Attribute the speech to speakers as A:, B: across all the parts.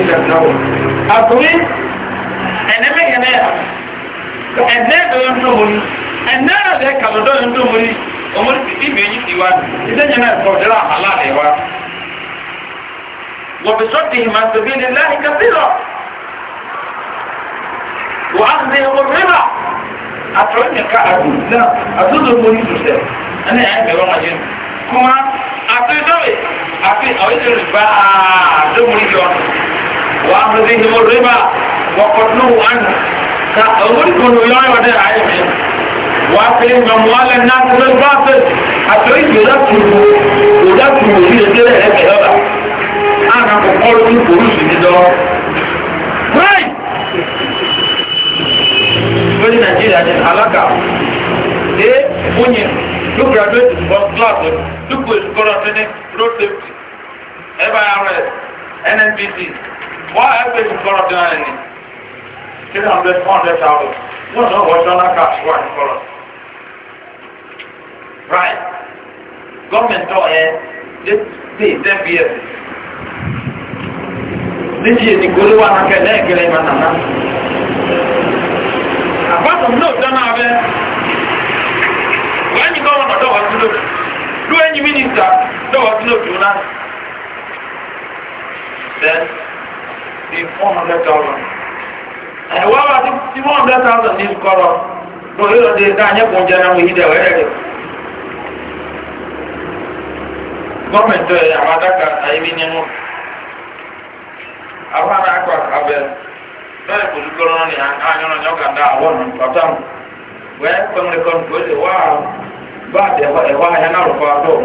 A: إلا النوم أقول أنا ما ينام أنا دون نوم أنا ذاك دون نوم أمور كتير بيجي تيوان إذا جنا صدرا حلال يوا وبصدهم عن سبيل الله كثيرا وأخذهم الربا أتروني كأبو لا أتوزر مريد سير أنا أعلم يوم أجل كما أتوزر أتوزر ربا أتوزر مريد وأخذهم الربا وقتلوه عنه كأولكم يوم ودي عيبه وأكلهم أموال الناس بالباطل حتى يذكروا يذكروا في الجنة هكذا أنا بقول من فلوس الجدار هاي Very Nigeria is Alaka. They, Bunyan, you graduate from class, you go to school at road safety, FIRS, NNPC, wọ́n á gbé ìkọ́rọ̀ dín náà ní three hundred four hundred thousand wọ́n náà wọ́n dáná káàsì wà nìkọ́rọ̀. right gọ́ọ̀mẹ̀ntì ọ̀yẹ́ dé dé ten years níbi èdè gbólé wà náà kẹ́lẹ́ ìkẹlẹ́ ìmọ̀ nàná. àbátan náà dáná abẹ́ wọ́n ẹni gọ́ọ̀mọ̀ dọ̀wọ́ sí lójú lóyún mínísítà dọ̀wọ́ sí lójú náà. ní one hundred thousand. ẹ̀wọ́ wa ti one hundred thousand ní sukọ́rọ̀ lórí ọdẹ náà nyẹ́ kún jẹ́ náà wọ́n yí dẹ̀ wẹ́rẹ́ rẹ̀. gọ́ọ̀mẹ̀ntì na àwọn adaka àyèmí nínú àwọn arákọ̀ abẹ bẹ́ẹ̀ kò àyànnà dá àwọn ọ̀nà wẹ́ẹ́ kò sí wá bá ẹ̀wá náà ọ̀hún.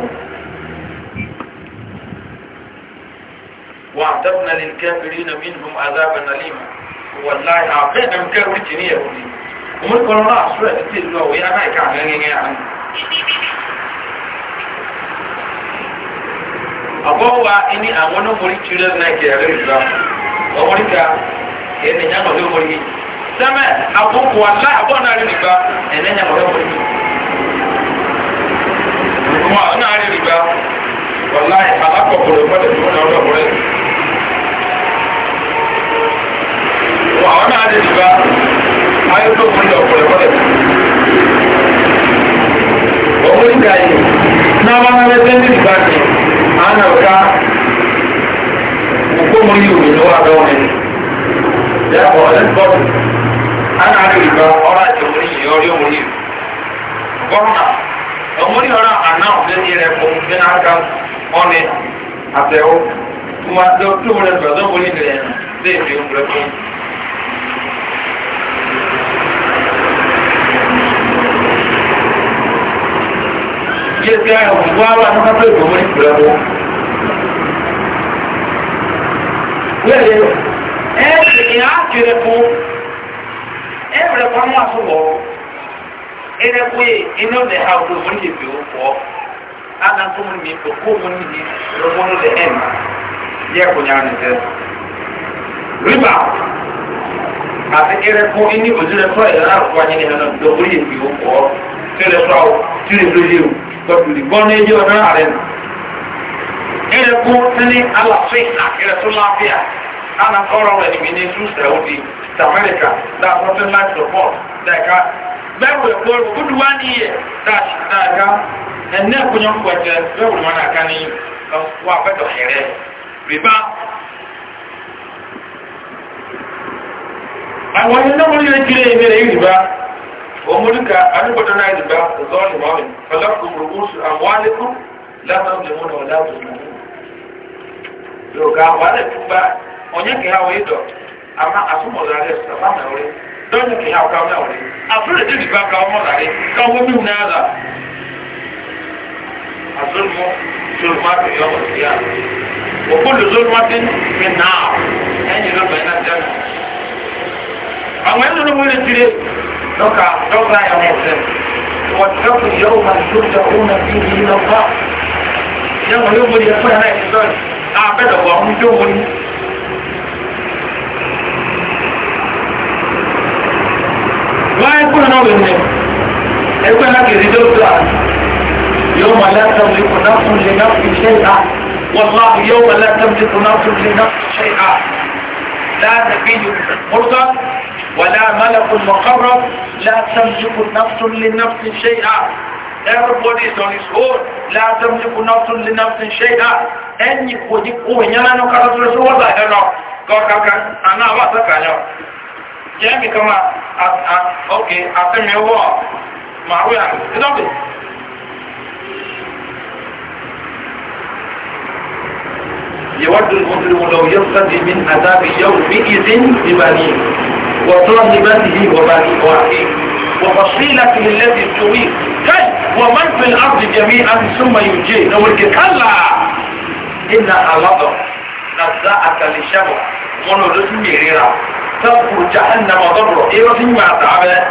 A: واعتبنا للكافرين منهم عذابا أليما والله عقيدا مكاوي جنيه يقولي ومن كورونا أسرع تتير الله ويا هاي كعلانين يعني أبوه إني أمونا مريد جلد يا أغير الله ومريكا إني نعم ذو مريد سمع أبوه والله أبوه نعلم الله إني نعم ذو مريد وما أنا أعلم الله والله حلقه قلوبة دون أولا مريد
B: wà wọn náà lè gba ayé tó mú lọ pẹ̀lẹ́pẹ̀lẹ́. ọmọ ìgbà yìí náà wọn
A: náà lè tẹ́lẹ̀ ìgbà yìí á nà ká òkú mú yìí òmìnira wà lọ́wọ́ ni. yàtọ̀ ọ̀lẹ́ bọ́ọ̀lù á nà lè gba ọ̀rọ̀ àti òmìnira yìí ọ̀rẹ́ òmìnira. gọ́ọ̀nà òmìnira ọ̀rọ̀ àná ọ̀gbẹ́ni rẹ̀ kò ń gbẹ́ náà ká ọ̀nẹ́ àtẹ̀wọ́ tó wọ́n lè gbàdọ́ wọlé rẹ̀ lè fi òmìnira fún un. gaskiya ya kuwa ba na kai kuma ni a kire ko eh bra ko ma so ko ene ko ye ino de ha ko mun ni bi ko ana
B: ko mun ni ko ko mun ni
A: ro mun de en ya ko nya ni de riba àti ere ko ini ojure ko ya ra ko ni ni na do dọ̀tùlì bọ́n ní ẹjọ́ náà rẹ̀ nù. ẹ̀rẹ̀ kú ní aláfin àkẹrẹ tó láfíà ana ọ̀rọ̀ rẹ̀ níbi ní sùn sẹ́wọ́dì ti amẹ́ríkà dá fourteen life support dẹ̀ka bẹ́ẹ̀wò ẹ̀kọ́ rẹ̀ kúndù wá ní yẹ dáàṣì dáàká ẹ̀nẹ́ ẹ̀kúnyọ́ pẹ̀tẹ́ bẹ́ẹ̀wò wọn àká ní wà fẹ́tọ̀ hẹ̀rẹ́ rìbá. àwọn ẹ̀yẹ́ náà wọ́n yẹ kiri ẹ̀yẹ́ rẹ̀ yìí rìbá omulika anubata na riba zoni mawe falakum ru'usu amwalikum la tazlimuna wa la tuzlamun yo ga wale tuba onye ke hawo ido ama asumo zare sama na ore don ke hawo ka na ore afure de riba ka omo zare ka wo mi na ala azulmu zulmatu yawm al-qiyamah wa kullu zulmatin min nar en yi ruba ina janna àwọn ẹni ló ń wọlé tire شكرا شكرا يا مسلم واتقوا يوما ترجعون فيه الى الله يوم يوم يكون هنا الشيطان اعبده وهم يوم ويكون نوم النبي يكون لك رجل يوم لا تملك نفس لنفس شيئا والله يوم لا تملك نفس لنفس شيئا لا نبي مرضى ولا ملك مقرب لا تملك نفس لنفس شيئا everybody is on his own لا تملك نفس لنفس شيئا oh, أني قد أقوم ينا نكرة رسول الله هنا كوكاكا أنا واسكا يو جامي كما أوكي أسمي هو معرويا كذبت يعني. يود المظلم لو يرتدي من عذاب يومئذ ببنيه وصاحبته وبني واحد وفصيلته التي تريد كي ومن في الأرض جميعا ثم ينجيه لو كلا إنها لضر نزاعة لشبه منو ميريرا تذكر جهنم ضبره إيه رسمي ما تعبه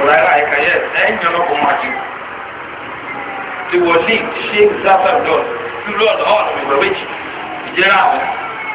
A: Mọ̀lára ìkàyẹ̀ ẹ̀yìn ọlọ́pọ̀ máa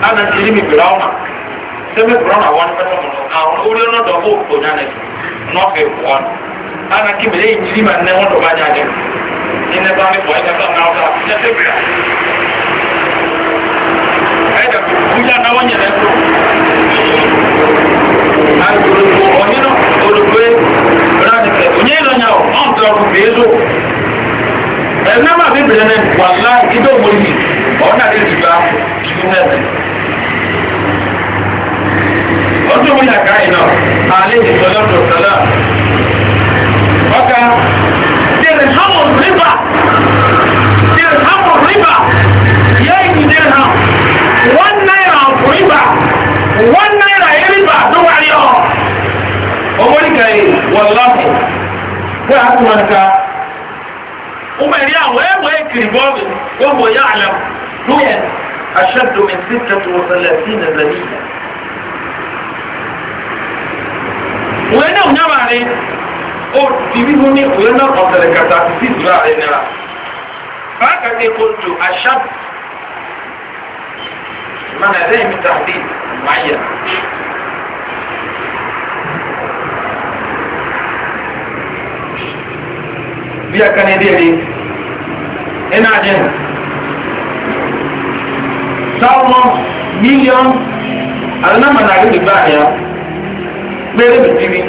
A: nana ti ri mi gbèrà ọ̀nà sẹ́mi gbèrà ọ̀nà wọn fẹ́ tọ̀nà àwọn orí ọ̀nà dọ̀ bó tó nyà nẹ̀sì nọ́ọ̀fẹ̀ wọn nana kí mẹlẹ́ yìí nyiri ma nẹ́ wọn dọ̀ bá nyà nẹ̀ ẹnẹ bá mi bọ̀ ẹnẹ bá mi ọ̀dà ẹsẹ̀ gbèrà
B: ẹ̀dà kúnyà náwó nyẹ̀ lẹ́kọ àgbòrògbò ọ̀nyínà olùgbé ránìkẹ̀ ònyìn lọ́nyà
A: ọ̀ ọ̀nà lè ti bá kíkú mẹ́rin. ọdún mi yàgá iná alẹ́ ìsọlọ́dọ̀ sọlá ọkà dẹ̀rẹ̀ hàmù rìbà dẹ̀rẹ̀ hàmù rìbà yẹ ìdí dẹ̀rẹ̀ hàmù wọ́n náírà rìbà wọ́n náírà rìbà tó wà ní ọ̀ ọmọdé kàyé wọ́n lọ́kù kí a tún wọn ká. ومن يعوى ويكري بابه وهو يعلم دون أشد من ستة وثلاثين ذليلا وأنا هنا معني أو تبيني وأنا قبل كتاتيس بقى هنا فأكد قلت أشد ما هذه من تحديد معين biya ka ne daidai ina jin salmon miliyon alinama na rí ìgbà ya péré mi jírí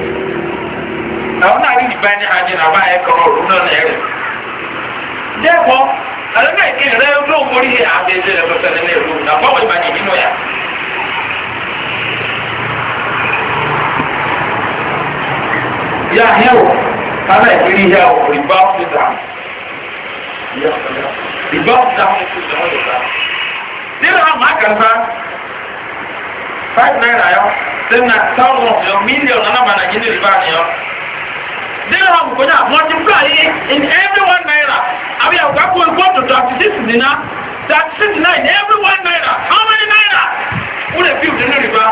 A: àwọn náà rí ìgbà ní ajé náà bá ẹkọ ọrùn náà náà rẹ dẹ́kọ̀ alinama ìkéyìn rẹ ló ń borí àti ẹgbẹ́ rẹ pẹ̀lú ẹgbẹ́ rẹ lóhùn náà
B: fọwọ́ ìbàjẹ́ nínú ya. yà á hẹ́wọ̀ kana ìrírí ya
A: o ìbá fi dà ìbá fi dà fún ìfúnṣẹ́ wọn lọ́ta. nínú àwọn àkàtà five naira yọ ten na thousand yọ million nana ma na yín ní ìbá ni yọ. nínú àwọn àkùkọ̀yà multiply in every one naira àbí àkùkọ̀ àkùkọ̀ ìgbọ́dọ̀ thirty six nínà thirty six nínà in every one naira how many naira? wúlẹ̀ fíìmù nínú ìbá.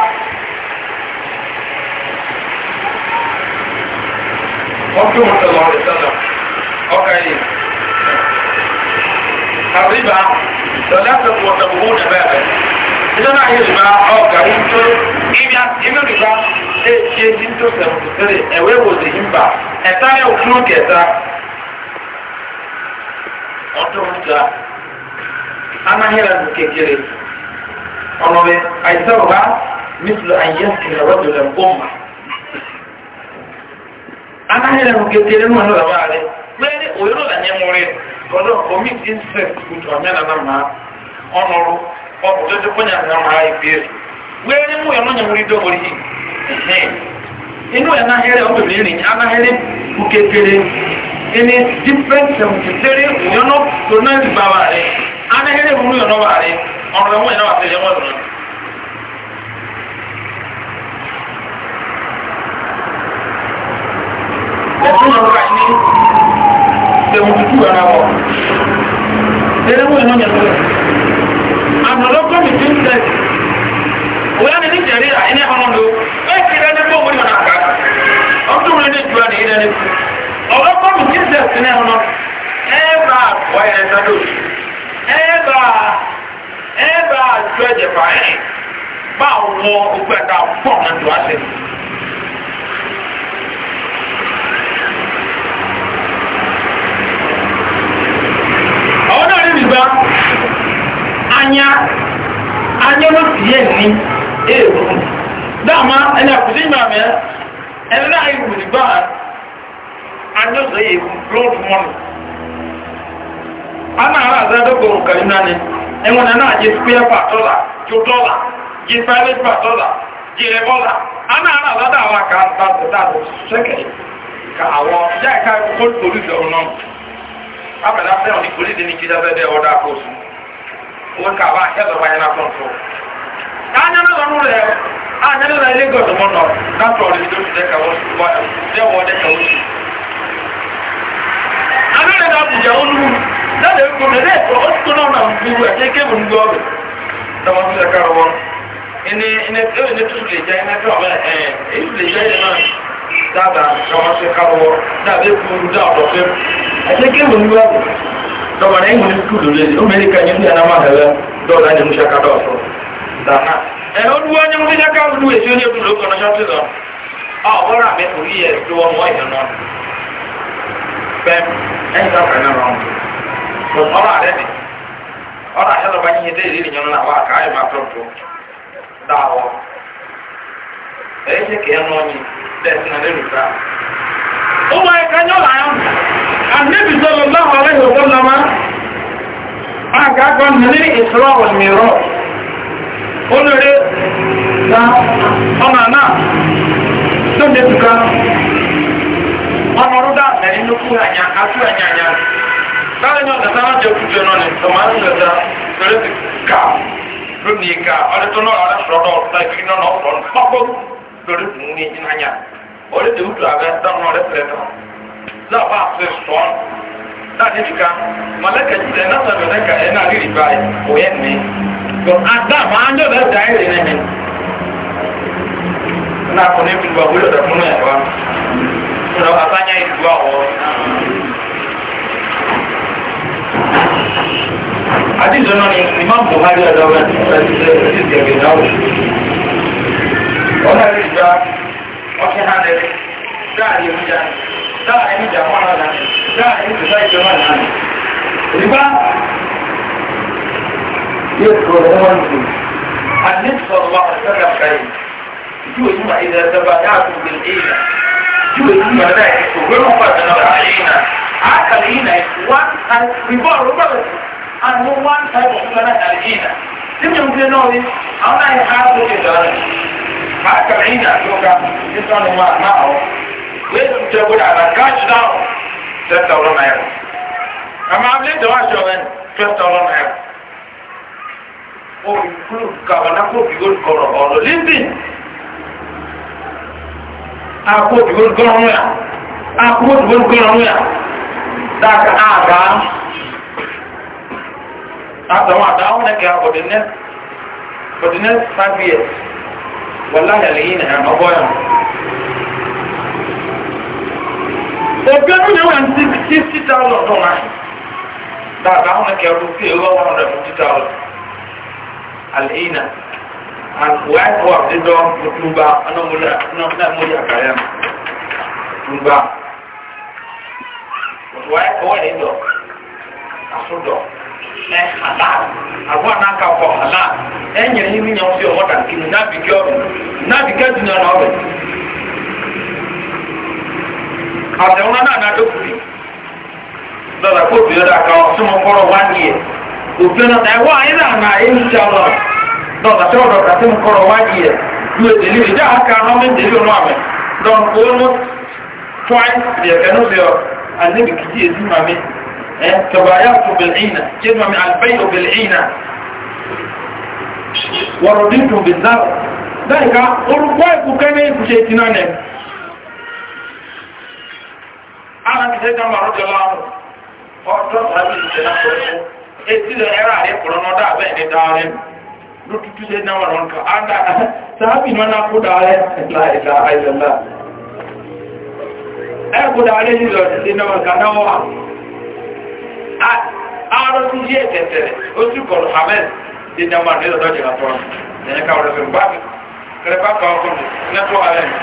A: mọ́tò mọ́tò lọ́rọ̀ ọkà yìí àríbá lọ́dọ̀ mọ́tò mọ́tò bẹ́ẹ̀ ilé náà yìí rìbá ọkà yìí tó ìmí rìbá èyí èyí tó sẹ̀mùtò tẹ́lẹ̀ ẹ̀wẹ́ wò lè yí mbà ẹ̀ta yẹ òkúrú kẹta ọdún mọ́tò anáhìrà nù kékeré ọ̀nà rẹ̀ àìsàn wà mísìlẹ̀ àyẹ̀sìn ẹ̀rọ
B: aláhẹ́rẹ́ mú kékeré mú ọ̀nà bàbá
A: rẹ̀ bẹ́ẹ̀ni òyìnbó làyẹn mú rẹ̀ ọ̀dọ̀ omi insect kùtù ọ̀mẹ́nà náà máa ọ̀nọ̀rọ̀ ọ̀pọ̀ tó ti pọ́nyà náà máa ìgbé rẹ̀ bẹ́ẹ̀ni mú ọ̀nà yẹn mú rí dọ́wọ́ rí inú ẹ̀ aláhẹ́rẹ́ ọ̀bẹ̀rẹ̀ rìn aláhẹ́rẹ́ mú kékeré ẹni different seventy three òyìnbó tó náà ti bàbá rẹ̀ aláhẹ́rẹ́ mú ọ̀nà bàbá rẹ̀ ọ̀nà ọ̀nà ọ̀ka ní ẹ̀wù tútù ara wọ̀ lẹ́rẹ́ wọ́n ìhàn yẹn lọ́wọ́ àmọ̀lọ́ kọ́mìtì ń tẹ̀ òyà ni ní jẹ̀rí à ẹni ọ̀nà lò bẹ́ẹ̀ kí ẹni bọ́ wọ́n ìhàn àká ọdún rẹ̀ ní ìtura nìyí lẹ́nu ọ̀rọ̀ kọ́mìtì ń tẹ̀ sí ní ọ̀nà ẹ̀ẹ́bà wáyà ẹ̀ta lórí ẹ̀ẹ́bà ẹ̀ẹ́bà ju ẹ̀jẹ̀ fà àwọn náà rí anya anya n'otu ti yẹ ní èrò dáàmà ẹni àkùsí ìgbà mẹ ẹni náà ìwò rìbá anya sọ yẹ blood money a náà rà sẹ́dọ̀ gbòòrò kàrí náà ni ẹ̀wọ̀n náà yẹ square per dollar tó dọ́là yẹ private per dollar yẹ rẹ́bọ́là a náà rà sọ́dọ̀ àwọn àkàtà ka àwọn jáìka ka torí ìṣòro abala fẹ́ wọn ni kò ní di ni kí dábẹ́ bẹ́ẹ̀ ọ̀dà kó sùn wọn kà wá ẹ̀dọ̀ bá yẹn náà tọ̀ anyana lọ nù rẹ anyana lọ ilé gọdọ mọ nọ dátọ ọdún tó ti dẹka wọn sùn wá dẹ wọn dẹka wọn sùn. anyana lọ abuja wọn nù lẹ́nu ẹ̀kọ́ mi lẹ́yìn tó ó ti tó náà nà ń gbúrú ẹ̀ kéèké mi ń gbọ́ ọ̀bẹ. dáwọn tó dẹka rọ wọn ẹni ẹni ẹni ẹni tó lè jẹ ẹni tó ọbẹ ẹ èyí lè jẹ ẹni náà dáadáa dáwọn tó dẹka rọ wọn dáadáa ẹkú dáadáa ọ̀dọ̀ fẹ́ ẹsẹ kí wọn wíwá dọba náà ìwọn kú lórí ẹsẹ ọmọ ẹni kanyẹ nígbà náà máa hẹlẹ dọba náà ní musa ká dọ ọsọ dàná ẹ olúwa ní wọn níjà ká olú èsì oní ẹdùn lóko náà ṣáàtì lọ ọ ọ̀rọ̀ àmì orí yẹ tó wọn wọ ìyẹn náà bẹ́ẹ̀ ẹ̀yìn náà kàn náà wọn ọ̀rọ̀ àrẹ ni ọ̀rọ̀ àṣẹ lọba yín yẹtẹ ìrírí yẹn náà wà ká ẹ máa tọ́ tó dáwọ ẹ̀yìn ṣe kẹ́ ẹ̀ náà yín bẹ́ẹ̀ sí náà annabi sallallahu alaihi wa sallama aka kan ní ìṣúra olùmíràn olórí na ọmọ náà tó ń dẹ́tùká ọmọ rúdà mẹ́rin ló kú àyà àtú àyà àyà láwọn ènìyàn ọ̀dọ̀ sáwọn jẹ́ òkúté náà ní ọmọ àrùn lọ́dà lórí ti ká lónìí ká ọdún tó náà rẹ̀ sọ̀rọ̀ ọ̀dọ̀ ìbí náà ọ̀pọ̀ lórí ìmúni ìnáyà orí ti wútu àbẹ́ dáná rẹ̀ pẹ̀lẹ́ náà láwa àfẹ́ sọ láti nìkan mọ̀lẹ́kẹ̀ jùlọ ẹ̀ náà sọ̀rọ̀ lẹ́kà ẹ̀ náà rírì báyìí òye ní. Àdá máa ń dọ̀ lẹ́sẹ̀ dáìrì ní mi. Náà kò ní fi gbà wúlò dẹ̀ fún ẹ̀wá. Sọ̀rọ̀ àbáyá ìlú àwọ̀. Àdìsọ náà ni Imam Buhari Adọ́wẹ́ ti fẹ́ ti ṣe ti gẹ̀gẹ̀ náwó. Ọ̀nà ìgbà ọ̀kẹ́ hàn lẹ́rẹ́ dáàrí oúnjẹ. dáa ní jàmọ́ ara náà dáa ní tìta ìjọba náà ríbá yóò kúrò wọn jù àníṣọ̀rọ̀ ọ̀sẹ̀rẹ̀ fẹ̀yìn yóò yí ma ìdá ẹ̀dẹ́gbà dáa tó gbé
B: ìlà yóò yí ma náà ètò wẹ́rọ̀ pàtó náà àlẹ́ yìí náà àkàlẹ́ yìí náà
A: one and ríbá rúbà rẹ̀ and no one type of fúlẹ̀ náà àlẹ́ yìí náà tí mi ò gbé náà rí àwọn náà yẹ ká tó gbé ìlà rẹ̀ àkàlẹ́ yìí náà tó ga nítorí wọn àná àwọn. lẹ́yìn tó gbọ́dọ̀ àlàkáàjì náà tẹ́tà ọ̀rọ̀ náírà àmọ́ abúlé tó wá sọ ẹni tẹ́tà ọ̀rọ̀ náírà olùkúlù kàwọn akóbi olùkọ̀rọ̀ ọ̀rọ̀ lẹ́sìn akóbi olùkọ̀rọ̀ náà akóbi olùkọ̀rọ̀ náà dáka àgá àtàwọn àtàwọn nẹ́kẹ́ àbọ̀dẹ̀ nẹ́sì for the next five years wàláhà lẹ́yìn náà ọgbọ́n yàrá ẹgbẹ́ mi ni wọ́n fifty thousand, ti ta ọ̀nà tó wá. Dàda àwọn ẹ̀kẹ́ ọdún sí ẹ̀rọ one hundred fifty thousand. Àlẹ́yìnà àwọ̀ àdídọ́ ọdúnba ọ̀nàmọ́lẹ́ àkàrẹ́ mi. Ọdúnba. Òtùwá ẹ̀kọ́ wẹ̀ nídọ̀. Àsúdọ̀. Ẹ hàlá. Àwọn àná ká kọ̀ hàlá. Ẹ nyẹ̀ yín mi yàn fi ọmọdà kìnnìún náà bìkẹ́ ọ̀bẹ̀. Náà bìkẹ́ dùnà náà ọ̀bẹ̀ àtẹ̀wọ́n náà náà dókùnrin lọ́la kó bí ọ̀dà kan tí mo kọ́rọ̀ wá ní ẹ̀ òbí ọ̀nà tàyẹ̀ wọ́n ayé náà náà èyí ti àwọn lọ́la tí ọ̀dọ̀ kan tí mo kọ́rọ̀ wá ní ẹ̀ ju èdèlé ìjà aka ọmọ èdèlé ọ̀nà àmì lọ́n kó ó mú twice the economy of kìí èdè mami ẹ̀ tọ̀bàyà tó bẹ̀lẹ̀ ìnà jẹ́ mami àlùbẹ́yì òbẹ̀lẹ̀ ìnà ara mi sẹ́jà máa rọ́jò láwọn ọ̀dọ́ sáré ìṣẹ̀ náà pẹ̀lú etí lọ ẹ̀rọ àrẹ kọ̀rọ̀ náà dábẹ́ ní dáre lótútù sẹ́ náà wọn kà á dá sábì náà náà kó dáre láìlá àìlọ́lá ẹ̀ kó dáre nílò ìṣẹ̀ náà wọn kà náà wà ààrọ̀ tí yé tẹ̀tẹ̀rẹ̀ ó sì kọ̀rọ̀ hamẹ́ ti ní ọmọ àdéhùn lọ́jọ́ àtọ́ ẹ̀yẹ káwọn ọ̀rẹ́ fẹ́ bá mi kẹrẹ bá kọ́ ọkọ̀ mi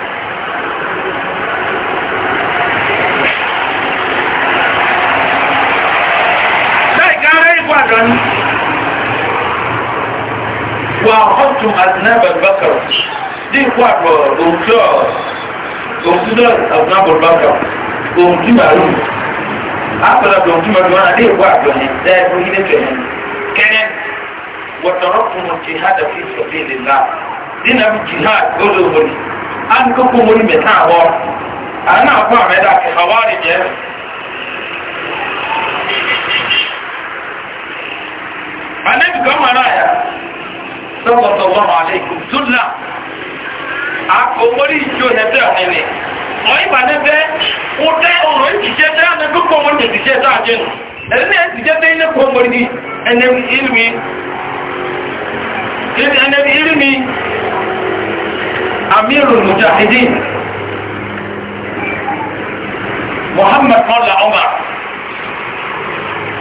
A: ìbàdàn wà ọ̀tún àdínábàbàkà ní ìpàdọ̀ òǹtọ́ òǹtọ́ àdínábàbàkà òǹtí màlúù àpẹẹrẹ òǹtí màlúù náà ní ìpàdọ̀ ní ẹ̀ẹ́dẹ́gbẹ́ ilé tẹ̀lé kẹ́rẹ́ wọ̀tọ̀rọ̀kùn jihad fi sọ̀bí lè la nínú ẹbí jihad olóòwò ni a ní kókó mọ́rí mẹ́ta àwọ̀ àwọn náà fún àmẹ́dá kẹfà wá rí jẹ́ anabi kan mara ya sallallahu alaikum sunna akomori ijo nebe anene oyi ba nebe ute ọrọ ìdíje tẹ anabi kọmọri ìdíje tẹ ajé nù ẹni ní ìdíje tẹ ilé kọmọri ní ẹni ilmi ẹni ilmi amiru mujahidin muhammad mọ́lá ọmọ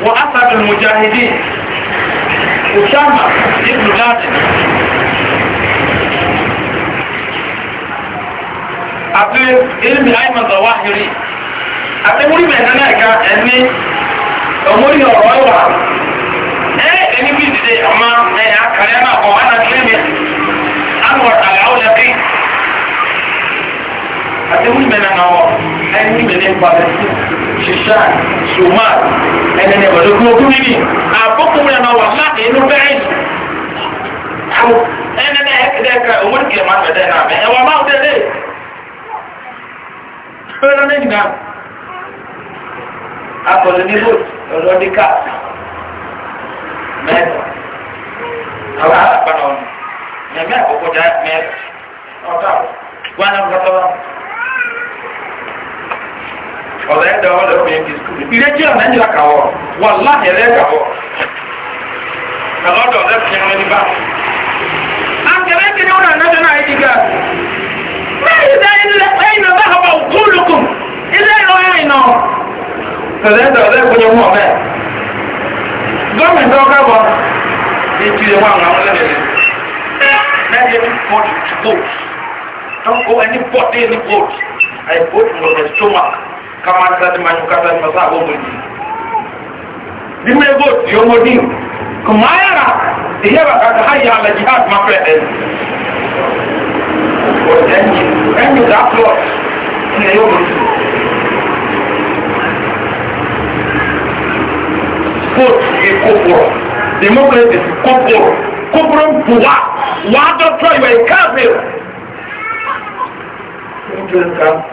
A: wa asadu mujahidin أسامة ابن لادن àti ilmi àìmọ̀ zawahiri àti múrí bẹ̀rẹ̀ náà ẹ̀ka ẹni
B: ọmọrí ọ̀rọ̀ ẹwà ẹ
A: ẹni bí ìdíje ọmọ ẹ àkàrẹ náà ọ̀ ánà kílẹ̀mì ánà àlẹ́ àwọn ẹbí àti múrí bẹ̀rẹ̀ náà ẹni bí ìdíje sí ṣiṣan ṣùmar
B: ẹnẹnẹ mọlẹkùn ogun níbi àbọkùnrin náà wà láti inú bẹrẹ yìí ẹnẹnẹ ẹkẹdẹkẹ owó ní kìlẹ máa fẹ dẹ náà mẹ ẹwà máa ń
A: tẹlé fẹrẹ lẹyìn náà akọlẹ ní bóòtù ọdún ọdún ká mẹta àwọn alábàánu ọmọ mẹmẹ àkọkọ dá mẹta ọtá wọn àwọn akọkọ wọn ọ̀dà ẹ̀dá ọ̀dà ọ̀dà ẹ̀kí skul ilé tí ọ̀nà ẹ̀dá kà wọ̀ wà láhì ẹ̀dá kà wọ̀ ẹ̀lọ́dọ̀ ọ̀dà ẹ̀kí ẹ̀mẹ́ níbà. akẹ́lẹ́ kí ni wọ́n náà nẹ́jọ́ náà ẹ̀dí gà mẹ́rin dá ẹ̀yìn bá ọba òkúlùkù ilé ìlọ ẹ̀yìn náà. ọ̀dà ẹ̀dá ọ̀dà ẹ̀kú ni wọ́n gọ́ọ̀mẹ̀ntì ọ̀gá bọ̀ ètù I vote for the stomach kama tati ma nyu kata ma sa bo mo di di me go mo di ko ma ya e ya ba ka ha ya la jihad ma pre en o den ni en ni da flo
B: ni yo mo di ko ti ko ko democracy ko ko ko ko ko
A: wa wa do try by kafir Thank you.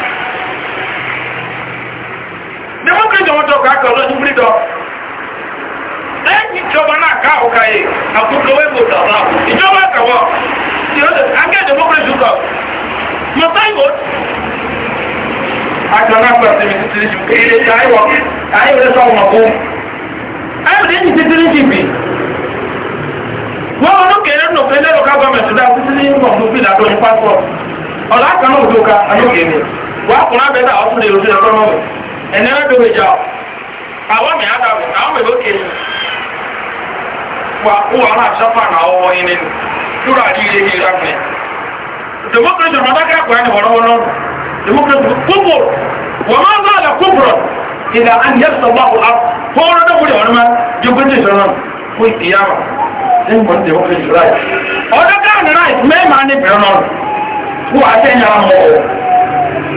A: yọmọ kí ọmọ tó kà kọ lọ́dún múlí dọ lẹ́yìn ìjọba náà ká òkà yìí àkókò wẹ́ẹ̀bù dọ̀la ìjọba kàwọ́ akẹ́dẹ̀ mọ́kùnrin jù kọ mọ báyìí àjọ náà pẹ̀lú ti mi ti tiri jù kéde ṣe àyẹ̀wò àyẹ̀wò lè sọ ọmọ fún àyẹ̀wò lè ti tiri jù bì wọ́n ọdún kéré nù pé lẹ́rọ ká gọ́ọ̀mẹ̀ntì dá títí ní ìmọ̀ fún bíi àdó ní pásítọ̀ ọ̀là kan náà ò ẹ̀nẹ́rẹ́ tó gbèjà àwọn mi àdàbò àwọn mi lókè yìí wà wà náà sáfà náà ọwọ́ yìí nínú lórí àdíyẹ yìí rákùnrin democracy ọ̀nà dákẹ́ àkọ́ ẹni wọ̀rọ̀ wọn lọ́rùn democracy kúbò wọ́n máa ń bá àlẹ́ kúbò ìlà àníyàtọ̀ bá wà fọ́ọ̀rọ̀ náà wúlẹ̀ ọ̀nà máa jẹ́ gbẹ́jẹ́ ìṣọ́nà fún ìyáwó ẹni wọ́n democracy right ọ̀dọ́ káàní right mẹ́ẹ̀mà ní bẹ̀rẹ̀ náà wọ́n àti ẹ̀yà mọ́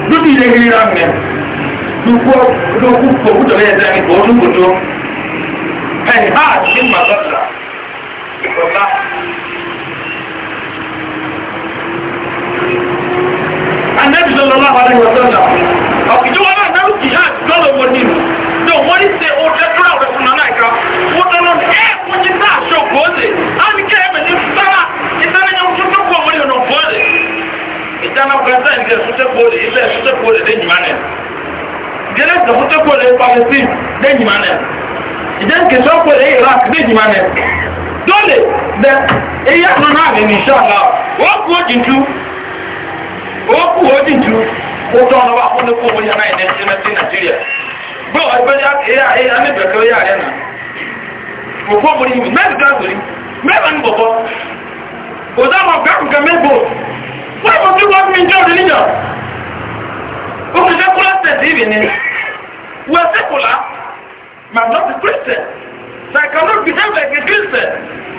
A: dúdú ilé yìí rákùnrin dukɔ dɔku fo kutɔ bɛ yɛrɛ k'o nu koto ɛn ha ti ma ba bila kɔba. anabi sɔlɔ la wàllu wa sɔlɔ ɔkìtì wọn náà náà ti hàn lọ́lọ́ wọn ni dɔn wọn ni sɛ o tɛ o tɛ funa náà o tɛ lọ ɛ wọn ti taa sɔ gbɔɔze hali kɛ ɛ bɛ ti sara ìtàn ɛyɛ tuntun kɔ wọn ìjẹ́lẹ̀ ìjọba tó kọ́ lé palestine dé nẹ̀ ìjẹ́ ń kẹsàn kọ́ iraq dé nẹ̀ dọ́lẹ̀ dẹ eyi àná náà rẹ̀ ní ìṣàlá wọ́n kú ojì tu wọ́n ọ̀nà wa fún lóko wọ́n yàrá ìdẹ́ ṣẹlẹ̀ nàìjíríà bó ọgbẹ́ Wọ́n fi secular state yìí ni. We are secular, but not Christian. So I cannot behave like a Christian.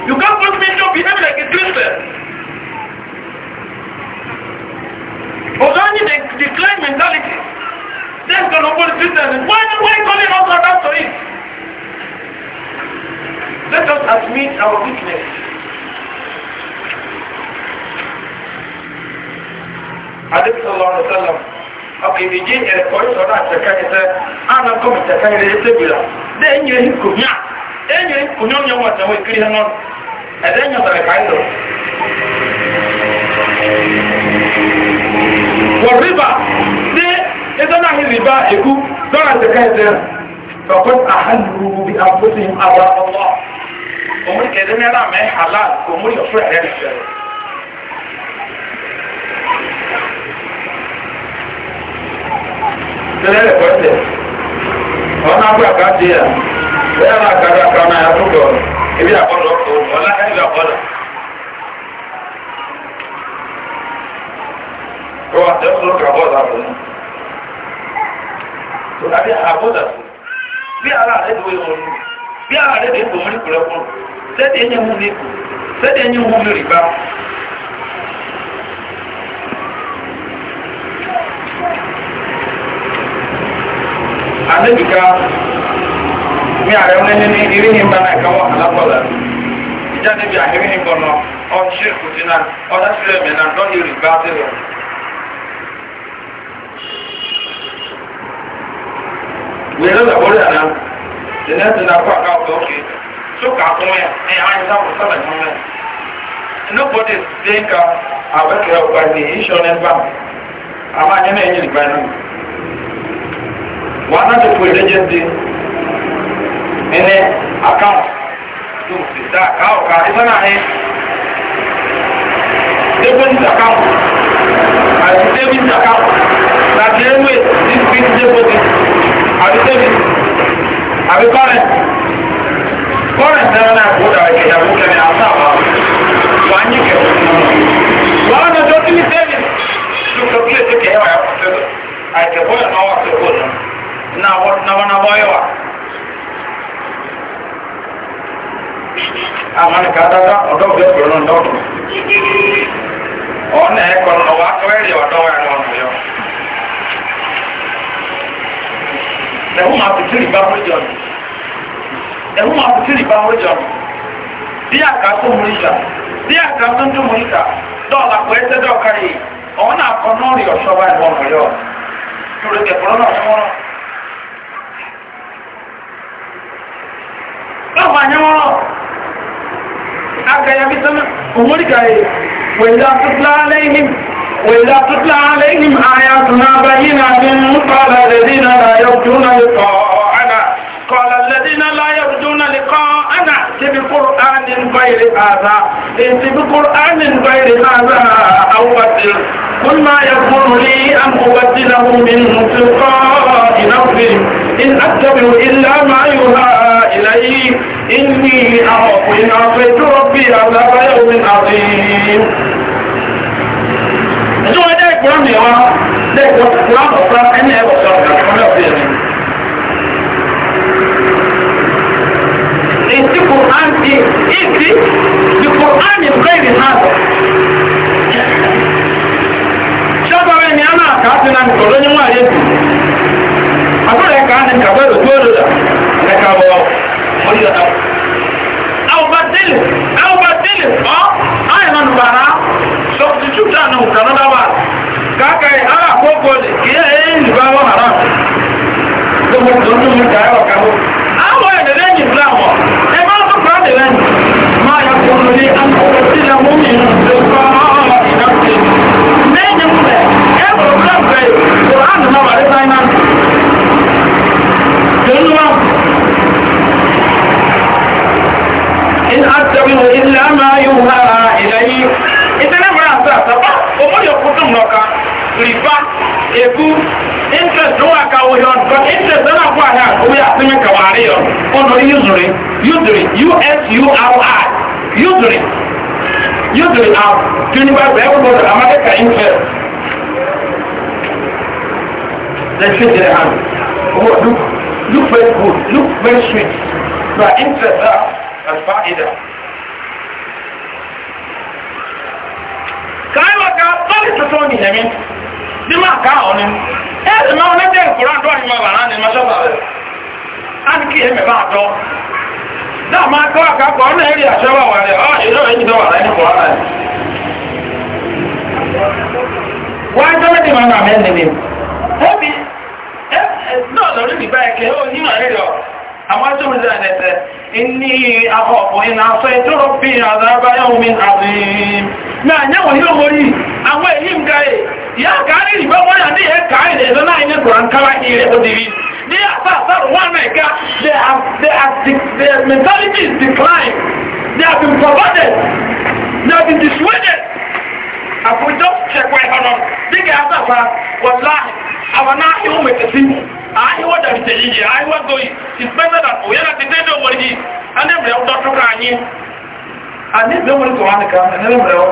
A: You can't force me to behave like a Christian. Although I need a decline mentality, then can oppose Christians. Why, why calling us that to it? Let us admit our weakness. عليه الصلاة والسلام ọ̀pẹ̀lẹ̀jẹ́ ẹ̀kọ́ ìṣọ́dá àtẹ̀kẹ́kẹ́sẹ́ ánàkọ́ mẹ̀tẹ̀kẹ́rẹ́ ẹ̀tẹ́bìlà dẹ́ ẹ̀yẹ ìkòmíà ẹ̀yẹ ìkòmíà ọ̀nyẹ̀ wọ̀ tẹ̀wọ̀ ìkiri hàn náà ẹ̀dẹ́ ẹ̀yẹ ọ̀tẹ̀rẹ̀ káyọ̀. wọ̀ rìbá dé ẹ̀dẹ́ náà rìbá ẹ̀kú dọ́là àtẹ̀kẹ́sẹ́ fọ̀kọ́t àhàlù bí àfọ́sìn àwọn ọmọ tẹ́lẹ̀ pẹ́tẹ́ ọ̀nà àgbà káàdì yà bẹ́ẹ̀ náà kárí àkànnà yà tó dọ̀ ebi àkọ́dọ̀ ọ̀kọ̀ ọ̀nà káyọ̀ àkọ́dọ̀. ó wà tẹ́ fún ọkọ̀ àbọ̀dà fún mi. tó dábí àbọ̀dà fún bí ara rẹ̀ tó yẹ wọn bí ara rẹ̀ tó yẹ wọn ní kúrẹ́kùn sẹ́dí ẹ̀yẹ́ mú ní kù sẹ́dí ẹ̀yẹ́ mú ní rìbá anabika
B: mi àrẹ wọn ní irí ní mbà náà
A: káwọn alábọ̀lá ìjà níbi àhírí ní bọ̀nà ọ̀ṣẹ́ kùtì náà ọ̀dá sílẹ̀ mi náà lọ́nà ìrì bá tẹ̀lẹ̀. wèrè lọ́wọ́rẹ́ àná tẹ̀lé tẹ̀lé àpò àkàwọ̀ ọ̀kẹ́ sókà fún ẹ̀ ẹ̀ àwọn ìta kò sábà fún ẹ̀. nobody think saying ka àbẹ̀kẹ̀ ọ̀gbà ìdè ìṣọ̀nẹ́ bá àmà ẹ̀yẹ́ náà ẹ̀yẹ́ náà wọn náà ti pè lẹ́jẹ̀ ti ẹnẹ akáwọ̀ tó ti dá akáwọ̀ ká ẹgbẹ́ náà yẹ débìtì
B: akáwọ̀ àti débìtì akáwọ̀ láti ẹgbẹ́ ti fi débìtì àti débìtì àti kọ́rẹ̀ kọ́rẹ̀
A: sẹ́wọ́n náà kó dà ẹ̀kẹ́ ìyàwó kẹ́mi àtàwọn wọn á nyí kẹ́mi wọn náà tó ti ní débìtì tó kẹ́kẹ́ tó kẹ́kẹ́ yẹ wà á kọ́ sẹ́wọ́n àìkẹ́ bọ́ọ̀lù náà wà sẹ́wọ́n náà na wana wayewa amani ah, kadada ọdọ bẹẹ bẹrẹ lọ ndọdọ ọna ẹkọ nọ wa akẹwẹrẹ
B: ọdọ wa ẹnu ọmọ yọ ẹhún máa pètè
A: rìbá wọjọ ni ẹhún máa pètè rìbá wọjọ ni bí àkàtó mú ìjà bí àkàtó ń dùn mú ìjà dọ́ọ̀là kò ẹsẹ̀ dọ́ọ̀ka yìí ọ̀hún ọ̀bànyọ́ akẹyàmí sọ́nà òmúrìkàyè wèlá tútlá aléhìm wèlá tútlá aléhìm ayatuna bayina ní kọ́lá lẹ́dínà láyọ̀dúnà lẹ́kọ́ ọ̀nà kọ́lá lẹ́dínà láyọ̀dúnà lẹ́kọ́ ọ̀nà ti bí kúránìn báyìí àzá ti bí kúránìn báyìí àzá àwọ̀tí قل ما يكون لي أن أبدله من تلقاء نفسي إن أتبع إلا ما يوحى إليه إني أخاف إن عصيت ربي عذاب يوم عظيم ẹjọ́ ẹjẹ́ ìkùrán ni wá lẹ́kọ̀ọ́ ìkùrán ọ̀sá ẹni ẹ̀wọ̀ sọ̀rọ̀ àtàwọn ọ̀sẹ̀ ẹ̀mí. èsì kùrán ti èsì ni kùrán ni bẹ́ẹ̀rì náà lọ. ṣọ́bọ̀rẹ́ ni a náà kà á ti náà nìkọ̀ọ́ ní wọ́n àyè bì. àbúrò ẹ̀ka ni kàwé rò tó rò rà ẹ̀ka bọ̀ mọ́rí ọ̀dà wò. àwùbá délé àwùbá délé ọ́ àyìnbá nù bàrà substitute àná òkànnà dábà kàkà yìí àrà àkókò lè kí ẹ ẹ ní bá wọn hàrà. gbogbo tó ń tún mú jà ẹ wà káwó. àwọn ẹ̀rẹ̀ lẹ́yìn ìlú àwọn ẹ máa tó kọ́ ọ́dẹ lẹ́yìn. máa yà kó lórí àwọn ọmọ eku interest ló wà ká owó yọ nǹkan interest náà kó àyà owó yà sínú kàwá àrí yọ ọ̀nà usury usury usuri usury usury out ah, twenty five bẹ́ẹ̀ kó gbọdọ̀ amẹ́ríkà interest let's shake their hand owó oh, look look very good look very sweet but interest náà as far either. Kaiwa ka bali tutu ni nemi ní máa ká ọ̀ ní ẹ̀sì máa wọ́n lẹ́jẹ̀ ìkúrá àdó àyìnbá bàrá ní mọ́ṣọ́bà rẹ̀ á ní kí èmi bá tọ́ náà máa kọ́ àkápọ̀ ọ̀nà èrè àṣẹ́wà wà rẹ̀ ọ̀ èyí náà ẹ̀yìn dọ́wà rẹ̀ ní kúrá rẹ̀
B: wọ́n ẹjọ́ lẹ́dí máa nà mẹ́rin ni ẹ̀bi
A: náà lórí bíbá ẹ̀kẹ́ ó ní ìrìn rẹ̀ àwọn tó ń zẹ̀ ẹ̀sẹ̀ ní akọ̀ ọ̀pọ̀ ẹ̀dẹ̀ ẹ̀dẹ̀ náà ẹ̀yẹ́ kùrán kára ìrẹ̀ ó dìrí ní àtàtà wọn ẹ̀ka their mentality is declined they have been provided they have been dissuaded àpòjọ ṣẹ̀kọ̀ ẹ̀họ́ náà dígà àtàtà wọ́n láàyè àwọn náà ìwọ̀n mẹ̀tẹ̀sí ayiwa da fita yi ayiwa go is better than o yana tete do wori ani mrew do to ka anyi ani do wori to anaka ani mrew